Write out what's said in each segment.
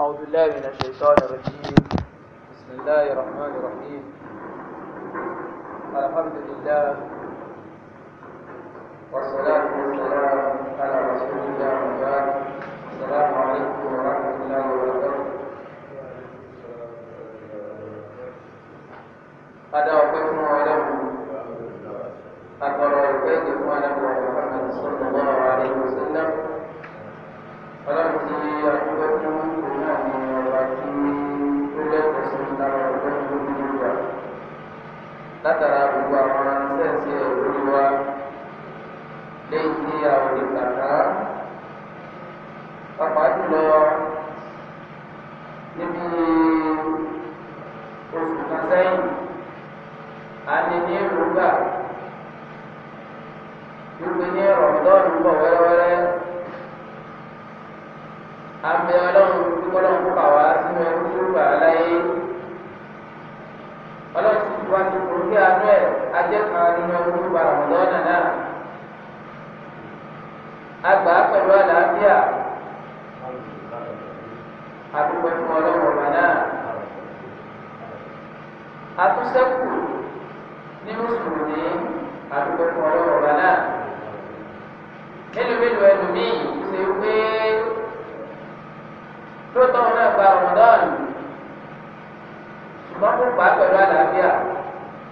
أعوذ بالله من الشيطان الرجيم بسم الله الرحمن الرحيم الحمد لله والصلاة والسلام على رسول الله وعلى السلام عليكم ورحمة الله وبركاته أدعوكم إلى ọlọ́sìn tí wàá ti kúrò kí àánú ẹ̀ ajẹ́ kan nínú ẹrú nípa ràmọ̀dọ́nà náà. Àgbà pẹ̀lú àlàáfíà. Àdúgbò fún ọlọ́wọ́ ọ̀gá náà. Àtúnṣẹ́kù ní Mùsùlùmí àdúgbò fún ọlọ́wọ́ ọ̀gá náà. Mélòó mélòó ẹnu míì ṣe wé lóòótọ́ náà gba ràmọ̀dọ́nà ṣùgbọ́n kò gbà pẹ̀lú àlàáfíà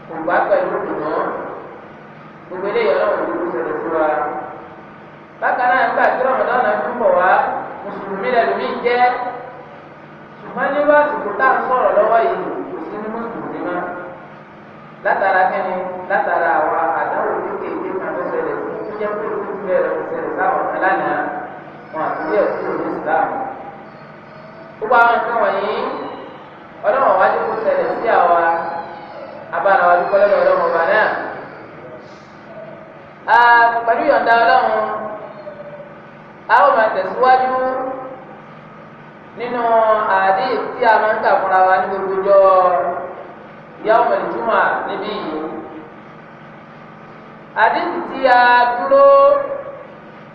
kò gbà pẹ̀lú ìdùnnú gbogbo eléyìí ọlọ́run ló ń ṣẹlẹ̀ sí wa. bákan náà nígbà tí ọ̀rọ̀ náà ń bọ̀ wá mùsùlùmí lẹ́nu mí jẹ́ ṣùgbọ́n ní wàásùkú tá à ń sọ̀rọ̀ lọ́wọ́ yìí kò sí ní mùsùlùmí mọ́ látara kẹ́ni látara àwa àdáwò kékeré kan ló ṣẹlẹ̀ sí tó jẹ́ pé ó ti bẹ̀rẹ̀ ṣẹlẹ̀ sáwọn alánàá wọn àti ilé ẹ̀kọ́ ṣẹlẹ̀ sí àwa abára wa dúpẹ́ lọ́dọ̀ ọlọ́run ọba náà. pẹ̀lú ìyọ̀ǹda ọlọ́run a ó máa tẹ̀síwájú nínú àdé tí a máa ń kà fúnra wa ní gbogbo ọjọ́ yàwó mẹ́lìtúmọ̀ níbí yìí. àdé tí a dúró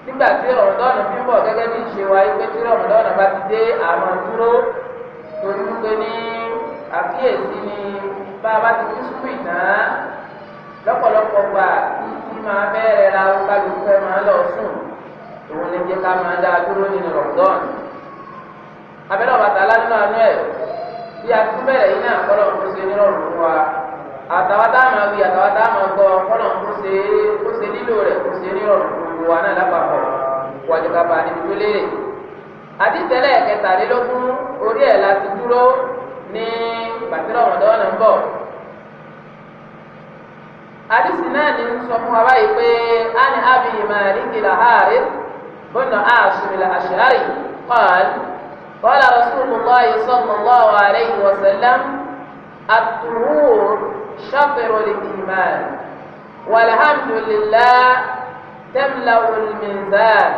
nígbà tí rọ̀mọdọ́nù fi ń bọ̀ gẹ́gẹ́ bí ìṣe wa yìí pé tí rọ̀mọdọ́nù bá ti dé àmọ́ dúró torí wípé ní àkíyèsí ni bá a bá ti fi sùkú ìtàn lọ́pọ̀lọpọ̀ gbà kí máa bẹ́ẹ̀rẹ̀ ra kálukú ẹ máa lọ sùn òun ni jẹ́ ká máa dá a dúró nínú rọ̀gán abẹ́rẹ́ ọ̀bàtà aládùn àánú ẹ̀ bí a tún bẹ̀rẹ̀ yín náà kọ́lọ̀ ń ṣe nírọ̀rùn fún wa àtàwọn tá a máa wí àtàwọn tá a máa gbọ́ kọ́lọ̀ ń ṣe kó nílò rẹ̀ kó ṣe nírọ̀rùn fún kẹtàlélógún orí ẹ̀ láti dúró ní ìgbà tí Ramadan ń bọ̀. àdìsí náà ní sọ fún wa báyìí pé a ní abi Malik al-Harith bin Ashim al-Ash'ari qala qala Rasulullah sallallahu alayhi wa sallam at-tuhur shatru al-iman walhamdulillah tamla'u al-mizan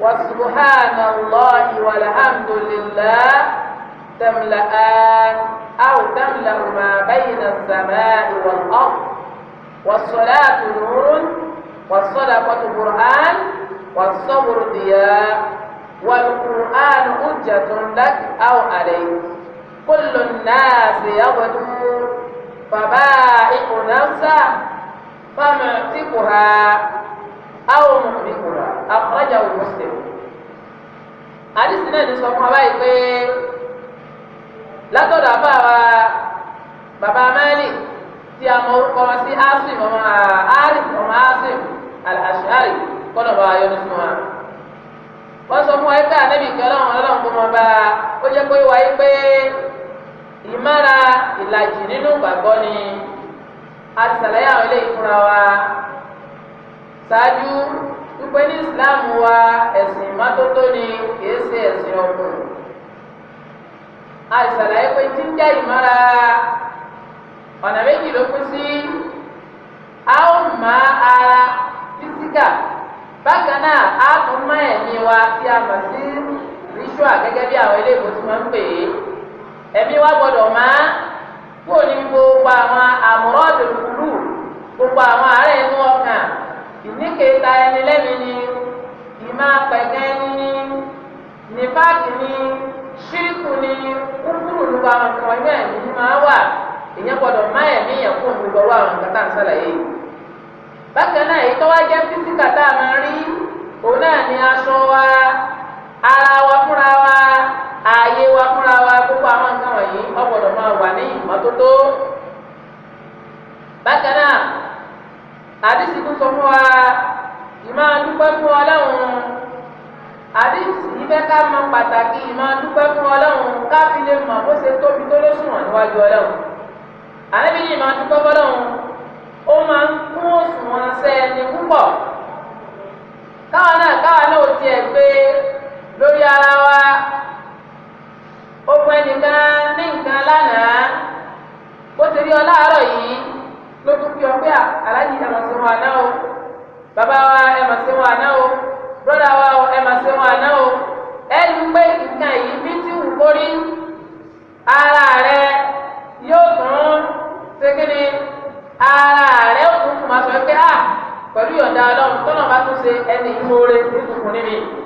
وسبحان الله والحمد أو تملأ ما بين السماء والأرض والصلاة نور والصدقة قرآن والصبر ضياء والقرآن حجة لك أو عليك كل الناس يغدو فبائع نفسه فمعتقها أو مهلكها أخرجه مسلم حديث náà ní látọ̀dọ̀ àbá wa bàbá mẹ́lì tí a mọ orúkọ wọn sí asim ọmọ àárì ọmọ asim al-Ash'ari kọ́nà bá yọ nísìmọ́ wa. wọ́n sọ fún wa pé ànábì kí ọlọ́run ọlọ́run kó mọ bá ó jẹ́ pé wáyé pé ìmára ìlàjì nínú gbàgbọ́ ni a ti sàlàyé àwọn eléyìí fúnra wa ṣáájú wípé ní ìsìláàmù wa ẹ̀sìn ìmọ́tótó ni kì í ṣe ẹ̀sìn ọkùnrin. a ekwentị pé tí ń jẹ́ ìmọ́ra ọ̀nà méjì ló kú sí a ó mọ ara físíkà bákan náà a tún mọ ẹ̀mí wa tí a mọ̀ sí ritual gẹ́gẹ́ bí àwọn ilé máa ń pè é ẹ̀mí wa gbọ́dọ̀ máa kúrò ní gbogbo àwọn àmúrọ̀ òdòdó gbogbo àwọn inú ọkàn ẹni lẹ́mìí ni ni ni. ṣíríkù ni kúkúrú ló bá wọn kàn ẹgbẹ́ ẹ̀mí ni máa wà èèyàn gbọ́dọ̀ má ẹ̀mí yẹn kó omi gbọ́wọ́ àwọn nǹkan tá à ń ṣàlàyé yìí. bákan náà èyí tó wá jẹ́ físíkà tá a máa rí òun náà ni aṣọ wa ara wa fúnra wa ààyè wa fúnra wa gbogbo àwọn nǹkan wọ̀nyí ó gbọ́dọ̀ máa wà ní ìmọ́tótó. bákan náà àdìsí tún sọ fún wa ìmáa dúpẹ́ fún ọlọ́run àdìsí ibẹ̀ ká mọ pàtàkì ìmọ̀ dúpẹ́ fún ọlọ́run ká fi lè mọ̀ bó ṣe tóbi tó ló sùn níwájú ọlọ́run àdìbí ìmọ̀ dúpẹ́ fọlọ́run ó máa ń kún òṣùwọ̀n sẹ́ni púpọ̀ káwọn náà káwọn náà ò tiẹ̀ gbé lórí ara wa ó pẹ́ nìkan ní nǹkan lánàá bó ti rí ọ láàárọ̀ yìí ló tún fi ọ pé aláàjì wọn àná o bàbá wa ẹ̀ wọn àná o brọ́dà wa ẹ máa ṣe wọn àná o ẹ ń pé nǹkan yìí bí tí wù kórí ara rẹ yóò tún ṣe kí ni ara rẹ kún kún máa sọ pé a ah, pẹ̀lú ìyọ̀ǹda ọlọ́run tọ́nà bá tún ṣe ẹni ìmoore nínú mi.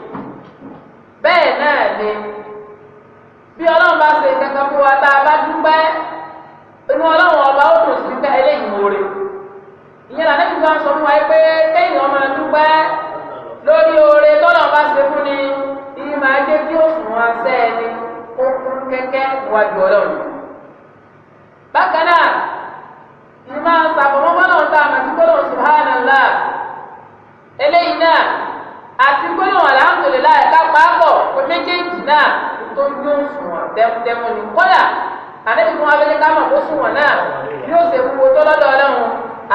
dẹmudẹmu ni kọ́là ànábì fún abẹ́lé ká mọ̀ kó sùn wọn náà yóò ṣe wúwo tó lọ́dọ̀ ọlọ́run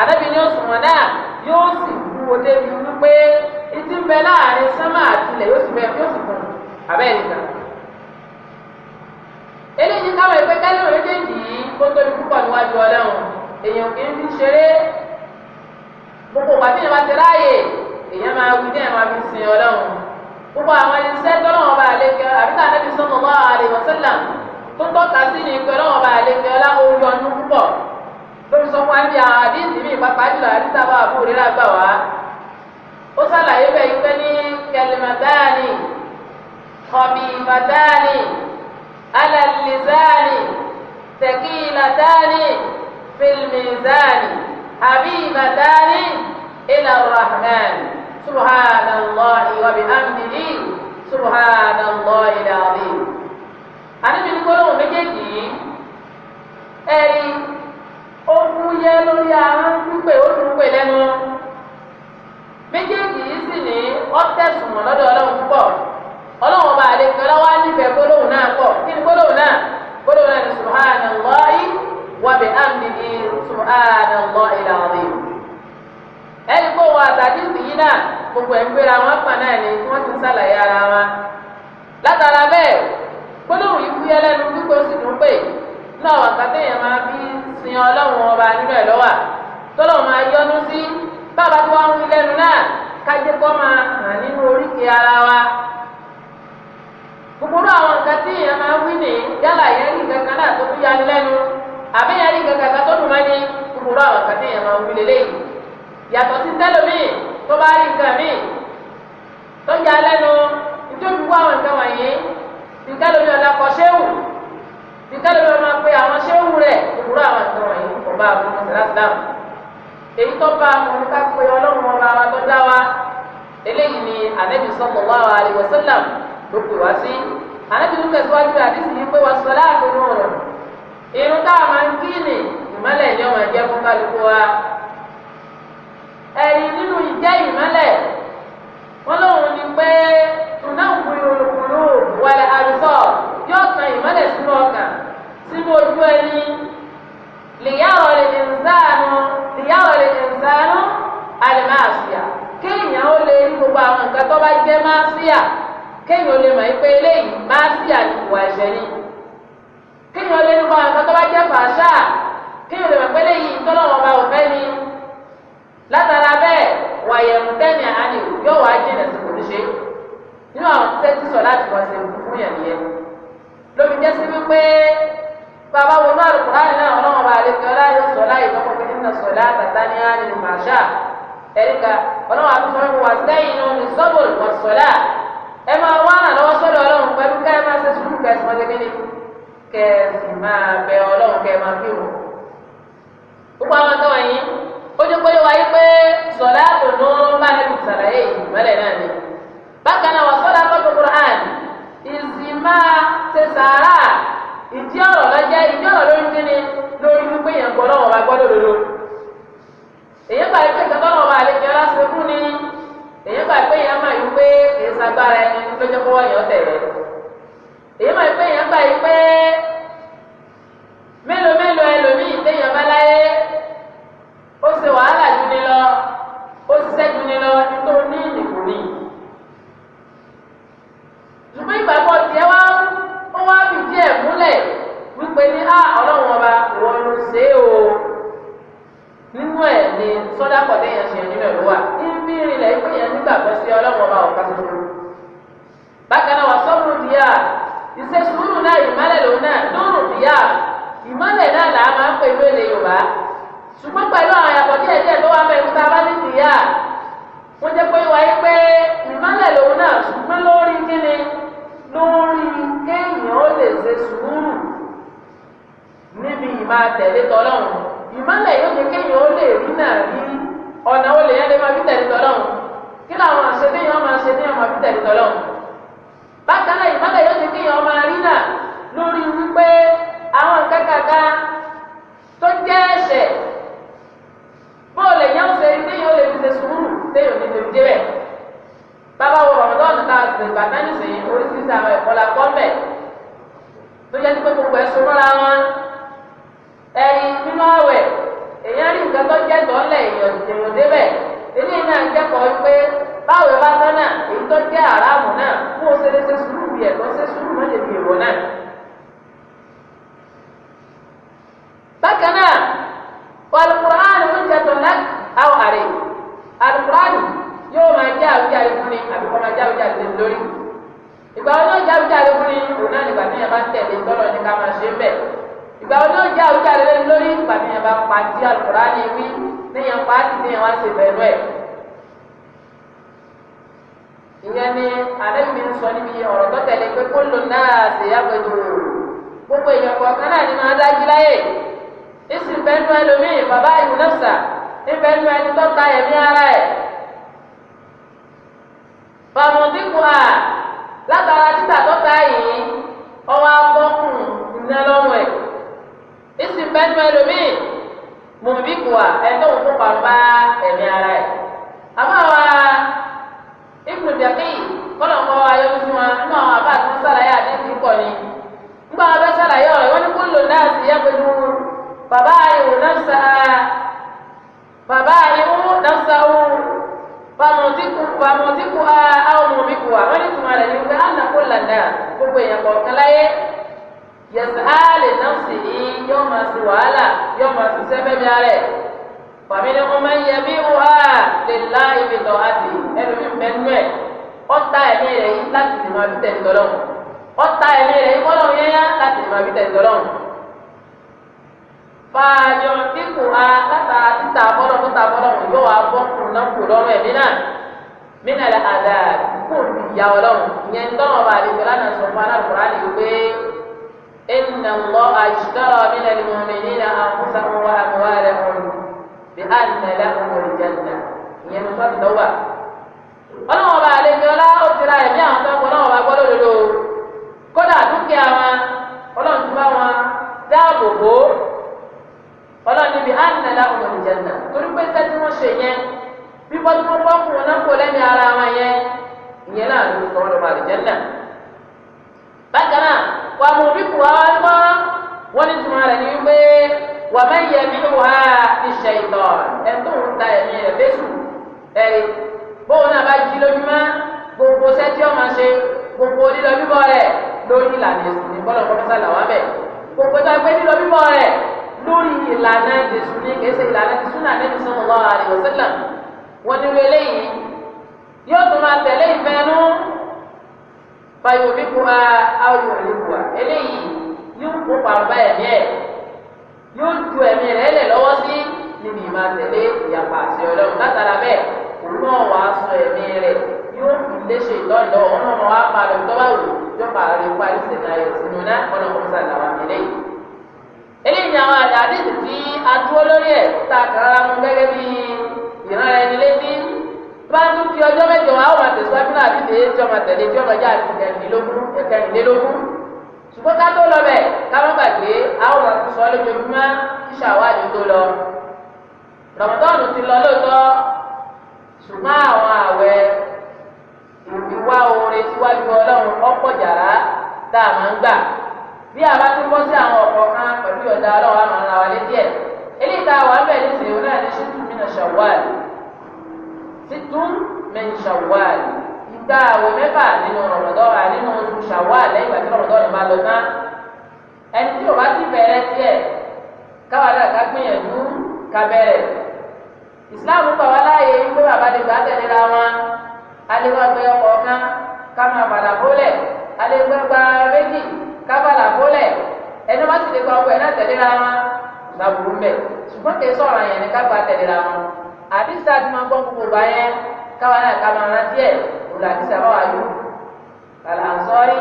ànábì ni ó sùn wọn náà yóò sì wúwo débi wípé ìdí ń bẹ láàrin sánmà àtìlẹ̀ yóò sì bẹ yóò sì kùn abẹ́ nìkan. eléyìí káwọn ìpè kẹ́lẹ́ méjèèjì yìí kó tóbi púpọ̀ níwájú ọlọ́run èèyàn kì í fi ṣeré gbogbo wàbí ìyẹn bá ti ráàyè èèyàn máa wí ní ẹ̀ máa fi sin ọlọ́run gbogbo àwọn irinṣẹ́ tọ́lọ́wọ́n bá àlejò àbíkà nẹ́bí sọ́nà wá àlejò sẹ́là tó tọ́ka sí ni pé ọlọ́wọ́n bá àlejò ọlá orí ọdún púpọ̀ lórí sọ fún wa níbi àwọn jùlọ àdísà bá àbúrò rírà gbà wá ó sàlàyé bẹ́ẹ̀ pé ní kẹlẹ́màdáàní kọ̀bìmàdáàní alàlìzáàní tẹ̀kìlàdáàní fìlmìzáàní àbímàdáàní ìlà rahman. سبحان الله bihamdihi subhanallahi alazim. àníbi ní gbólóhùn méjèèjì yìí ẹ̀rí ó kú yẹ lórí àwọn pípé ó dùn pé lẹ́nu méjèèjì yìí sì ní ọ́tẹ̀sùn lọ́dọ̀ ọlọ́run púpọ̀ ọlọ́run ọba àlejò ọlọ́wà nífẹ̀ẹ́ gbólóhùn náà pọ̀ kí ni gbólóhùn náà gbólóhùn náà ni subhanallahi wa bihamdihi subhanallahi alazim ẹni kó wọn àtàdé ìsìyí náà gbogbo ẹ̀ ń gbéra wọn pa náà ni tí wọ́n ti ń ṣàlàyé ara wọn. látara bẹ́ẹ̀ gbólóhùn yìí fúyẹ́ lẹ́nu wípé ó sì dùn pé náà wà kàtẹ́ yẹn máa fi sin ọlọ́run ọba nínú ẹ̀ lọ́wà tọ́lọ́run máa yọ́nú sí bàbá tó wá ń wí lẹ́nu náà kájé kọ́ máa hàn nínú oríkèé ara wa. gbogbo àwọn nǹkan tí èèyàn máa wí ní yálà yẹn rí kankan náà tó fi yanu lẹ́nu àbí yẹn rí kankan tó dùn mọ́ ní gbogbo àwọn nǹkan tí èèyàn máa wí lélẹ́yìí yàtọ̀ sí tẹ́lómìn tó bá rí nǹkan míì tó ń jalẹ́ nu nítorí wọ́n àwọn nǹkan wọ̀nyí nǹkan lómi ọ̀dà kọ ṣéwù nǹkan lómi ọ̀dà máa pe àwọn ṣéwù rẹ̀ òwúrọ̀ àwọn nǹkan wọ̀nyí kò bá àwọn ọmọ sàlásìlámù èyí tó bá àwọn ọmọ ká pé ọlọ́run ọba wa tó dá wa eléyìí ni ànábì sallallahu alaihi wasallam ló pè wá sí ànábì ló tẹ̀síwájú àdísì yìí pé wà sọlá àtúnú ọ̀rọ̀ irun táwọn máa ń kí ni ìmọ̀lẹ̀ ni ọmọ ẹ̀jẹ̀ fún kálukú wa ẹ̀rí nínú ìjẹ́ ìmọ́lẹ̀ wọ́n lóun ni pé tùnáwó ìrònúkúrò wàlẹ̀ àrùsọ̀ yóò tan ìmọ́lẹ̀ sínú ọkàn sínú ojú ẹni lìyàwó lè nìzánu lìyàwó lè nìzánu àlìmáàsíà kéèyàn ó lè rí gbogbo àwọn nǹkan tó bá jẹ́ máàsíà kéèyàn ó lè mọ̀ pé eléyìí máàsíà ni ìwà ẹ̀ṣẹ̀ ni kéèyàn ó lè rí gbogbo àwọn nǹkan tó bá jẹ́ fàṣà kéèyàn ó lè mọ̀ pé eléyìí tọ́lọ́wọ́n bá òfẹ́ ni látara bẹ́ẹ̀ wàyẹ̀ ń tẹ́ni àánì yóò wá jìnà sí kò ní ṣe nínú àwọn tẹ́ ti sọ láti wọ́n ṣe fún yẹn nìyẹn lómi jẹ́ sí wípé bàbá wo náà lùkùnrin náà ọlọ́run bá lè fi ọlá yóò sọ láyé lọ́kọ̀ pé nínú sọ látàtà ní àánì ní màṣá ẹ̀ríkà ọlọ́run àti sọ wípé wà sẹ́yìn náà ní sọ́bù wọ́n sọ lá ẹ máa wá náà lọ́wọ́ sọ́dọ̀ ọlọ́run pẹ̀lú ká ẹ máa ṣe sùúrù kẹsì máa bẹ ọlọ́run kẹ máa fi wọ́n ó jẹ́ pé wáyé pé sọ̀lá àtònú bá ní sàlàyé ìmọ̀lẹ̀ náà ni bákan náà wà sọ́lá kọ́tù Qur'an ìzìmá ṣe sàárà ìdí ọ̀rọ̀ lọ́jẹ́ ìdí ọ̀rọ̀ lórí kíni lórí wípé èèyàn gbọ́ lọ́wọ́ wa gbọ́dọ̀ lòlò èyí gbà pé ìgbà tọ́lọ̀ wa àlejò ọlá ṣe fún ni èyí gbà pé èèyàn máa yí pé èyí sagbára ẹni lọ́jọ́ kọ́wọ́ èèyàn tẹ̀lé èyí máa yí pé èèyàn gbà yí pé mélòó ìṣe sùúrù náà ìmọ́lẹ̀ lòun náà lóòrùn bíyà ìmọ́lẹ̀ náà là á máa ń pè ní èdè yorùbá ṣùgbọ́n pẹ̀lú àwọn àyàtọ̀ díẹ̀ díẹ̀ tó wá mẹ́rin tá a bá ní bíyà wọ́n jẹ́ pé wáyé pé ìmọ́lẹ̀ lòun náà ṣùgbọ́n lórí kíni lórí kéèyàn ó lè ṣe sùúrù níbi ìmọ̀ àtẹ̀lé tọ́lọ́run ìmọ́lẹ̀ yóò jẹ́ kéèyàn ó lè rí náà rí ọ̀nà ó lè yẹn lè máa fi tẹ̀lé tọ́lọ́run kí bákan náà ìmọ̀lẹ̀ yóò ti kéèyàn ọmọ arínà lórí irú ìgbà wọn yóò já ojú àlẹ́ lẹ́nu lórí ìgbà tí yẹn bá pa tí alùpùpù ní wí níyẹn pa ti ní wá ṣe bẹ̀rù ẹ̀. ìyẹn ni àdébìmí ń sọ níbi ọ̀rọ̀ tó tẹ̀lé pé kó lò náà ṣe yàgbẹ́jọ gbogbo èèyàn kọ̀ọ̀kan náà ni máa dájú láyè ìsìn bẹ́ẹ̀ nu ẹlòmíì bàbá ìlú náà sà níbẹ̀ nu ẹni tó ta ẹ̀mí ara ẹ̀ fàmùdínkù à látara títà tó ta yìí ọwọ́ agbọ́kùn ìnálọ́wọ́ ẹ̀. ìsìn bẹ́ẹ̀ ni ẹlòmíì mùmíkùwà ẹ̀dọ́ òkú pàmpá ẹ̀mí ara ẹ̀. àmọ́ wa ibùdó dẹ̀kí kọ́nà kọ́ ayọ́lú fún wa nínú àwọn ni. nígbà wọn bẹ sàlàyé ọ̀rọ̀ wọn ni kó Baba náà sí ẹgbẹ̀rún bàbá ìwò náà sá bàbá ìwò náà sá wọn kó gbogbo yẹsẹ àlè nọọsì yìí yọọ máa ṣe wàhálà yọọ máa ṣe sẹfẹmi alẹ fàmílì wọn máa ń yẹ bí wà lè la ibi tọ àti ẹlòmí mẹnu ẹ ọta ẹmí rẹ yìí láti lè máa fi tẹ ìtọlọ ọta ẹmí rẹ yìí kọlọ yẹyà láti lè máa fi tẹ ìtọlọ fàájọ dínkù a láta títa bọlọ títa bọlọ yóò wá bọ kùnà kùnà ẹmí náà mina la ada kó ìyá Ọlọ́run ìyẹn tọrọ bá a lè jọ lánàá sọ fún aláàbò rà ní إن الله اشترى من المؤمنين أنفسهم وأموالهم بأن لهم الجنة ìyẹn ló sọ́ọ̀tì lọ́wọ́ ọlọ́wọ́ ọba àlejò ọlá ó ti ra ẹ̀mí àwọn tó ń bọ̀ ọlọ́wọ́ ọba gbọ́dọ̀ lòlò kódà dúkìá wọn ọlọ́run ti bá wọn dáàbò bò ó ọlọ́run níbi ànínà láwọn olùjẹ̀nà torí pé iṣẹ́ wọ́n ṣe yẹn bíbọ́ tí wọ́n bọ́ fún wọn náà kó lẹ́mìí ara wọn yẹn ìyẹn náà ló sọ wọn lọ́wọ́ àlùjẹ̀nà bákan náà wà mú bí kura wá mọ́ wọ́n ní tuma rẹ̀ ní wípé wà má yẹ bí wà iṣẹ́ ìtọ̀ ẹ̀ tó ń ta ẹ̀mí rẹ̀ fésù ẹ̀rí bóun náà bá jí lójúmọ́ gbogbo sẹ́tí ọmọ ṣe gbogbo lílọ bíbọ̀ rẹ̀ lórí ìlànà èsù ní bọ́lọ̀ kọ́mọ́sá làwọn bẹ̀ gbogbo tó gbé lílọ bíbọ̀ rẹ̀ lórí ìlànà èsù ní kèsè ìlànà ti súnà nínú sallallahu alaihi wasallam wọn ni wọlé yìí yóò tún máa tẹ̀lé ìfẹ́ fayomikuwa ayoyikuwa eléyìí yóò kó pàrọ̀bá ẹ̀mí ẹ̀ yóò ju ẹ̀mí rẹ̀ lẹ̀ lọ́wọ́ sí níbi ìmọ̀ àtẹ̀lé ìyàpá àti ọlọ́run látara bẹ́ẹ̀ òun náà wàá sọ ẹ̀mí rẹ̀ yóò fi léṣe ìtọ́jọ́ ọ̀nà ọ̀nà wàá parí tọ́wá wò yóò parí rẹ̀ kó àìsè náà sínú náà ọ̀nà kò sà náà wà nílé. eléyìí ni àwọn àdàdé tí a dúró lórí ẹ̀ tá a kàrà mú gẹ́gẹ́ bí ìran ẹni létí bá tún di ọjọ́ mẹ́jọ wa ó máa tẹ̀síwájú náà àti tèyí tí ọmọ tẹ̀lé tí ọmọ já àti ẹ̀rìndínlógún ẹ̀kẹrìndínlógún ṣùgbọ́n ká tó lọ bẹ̀ ká má gbàgbé sọ lójoojúmọ́ kí ṣàwádìí tó lọ ti lọ lóòótọ́ ṣùgbọ́n àwọn ìwà oore síwájú ọlọ́run ọ̀pọ̀ jàrá tá a máa ń gbà bí a bá tún bọ́ sí àwọn ọ̀pọ̀ kan pẹ̀lú ọ̀dà ọlọ́run sittun min Shawwal ìgbà àwẹ̀ mẹ́fà nínú Ramadan nínú oṣù Shawwal lẹ́yìn ìgbà tí Ramadan máa lọ tán ẹni tí o bá ti bẹ̀rẹ̀ tiẹ̀ káwa náà ká gbìyànjú ká bẹ̀rẹ̀ Islam gbà wá láàyè pé bàbá lè gbà tẹ̀lé ra wọn alẹ́gbàgbé ọkọ̀ kan ká máa padà bólẹ̀ alẹ́gbàgbà méjì ká padà bólẹ̀ ẹni wọ́n sì lè gba ọkọ̀ ẹ̀ náà tẹ̀lé ra wọn làbùrù mẹ́ ṣùgbọ́n kì í sọ̀rọ̀ àyàn ní ká gbà tẹ̀lé ra wọn àdìsá ti máa gbọ́n gbogbo gbà yẹn káwọn náà ká máa rántí ẹ̀ òun àdìsá bá wà yó kàlà àǹsọ́rí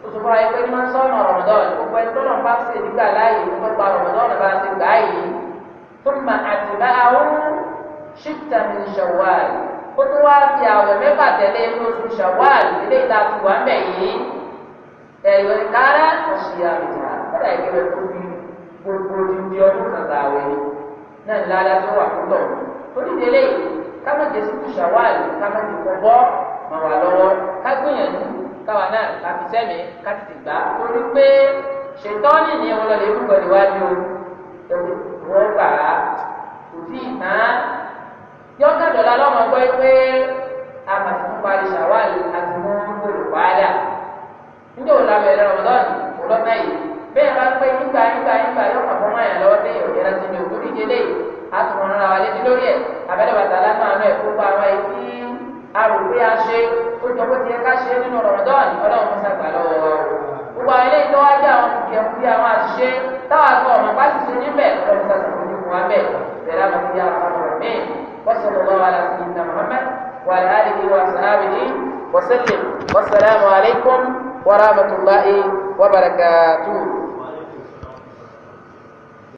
tuntun fúnra yẹn pé ní máa ń sọ́nà Ramadan gbogbo ẹni tó náà bá ṣe nígbà láàyè nígbà gba Ramadan bá ṣe gbà yìí túmọ̀ àtìmá àwọn ṣíta mi Shawwal ó tún wá fi àwẹ̀ mẹ́fà tẹ̀lé lóṣù Shawwal ilé ìta ti wà mẹ́ tó wà fún tọ̀hún onídélé kámẹ́jẹ síkú ṣàwáàlì kámẹ́jẹ kọ́bọ́ mà wà lọ́wọ́ kágbìyànjú káwa náà láfi sẹ́mi ká tètè gbà torí pé ṣètọ́nì ni wọn lọlé púpọ̀ níwájú wọn gbà á kò sí ìtàn yọ́kàdọ̀lá lọ́mọ gbọ́ pé àmàtìkú parí ṣàwáàlì àti mú olùpàdà nígbà wo làwọn ẹ̀rọ ọ̀dọ́ọ̀nì ọlọ́mọ yìí bẹ́ẹ̀ bá pé nígbà nígbà nígbà yọ̀kàn fún wọn àyàn lọ́wọ́ dé ìròyìn ẹ̀rọ ti ní òkú díje léyìí àtùmọ̀ràn ra wa létí lórí ẹ̀ abẹ́rẹ́ bàtà aláfààní ẹ̀ fún bàbá yìí tí arùgbé a ṣe ó jọ bó ti yẹ ká ṣe nínú Ramadan ọlọ́run fún sàgbà lọ́wọ́ gbogbo àwọn eléyìí tó wá jẹ́ àwọn ìjẹun bí àwọn àṣìṣe táwọn àgbọ̀ ọ̀nà pàṣẹ níbẹ̀ ọlọ́run ní fún wa bẹ̀ bẹ̀rẹ̀ wa ala alihi wa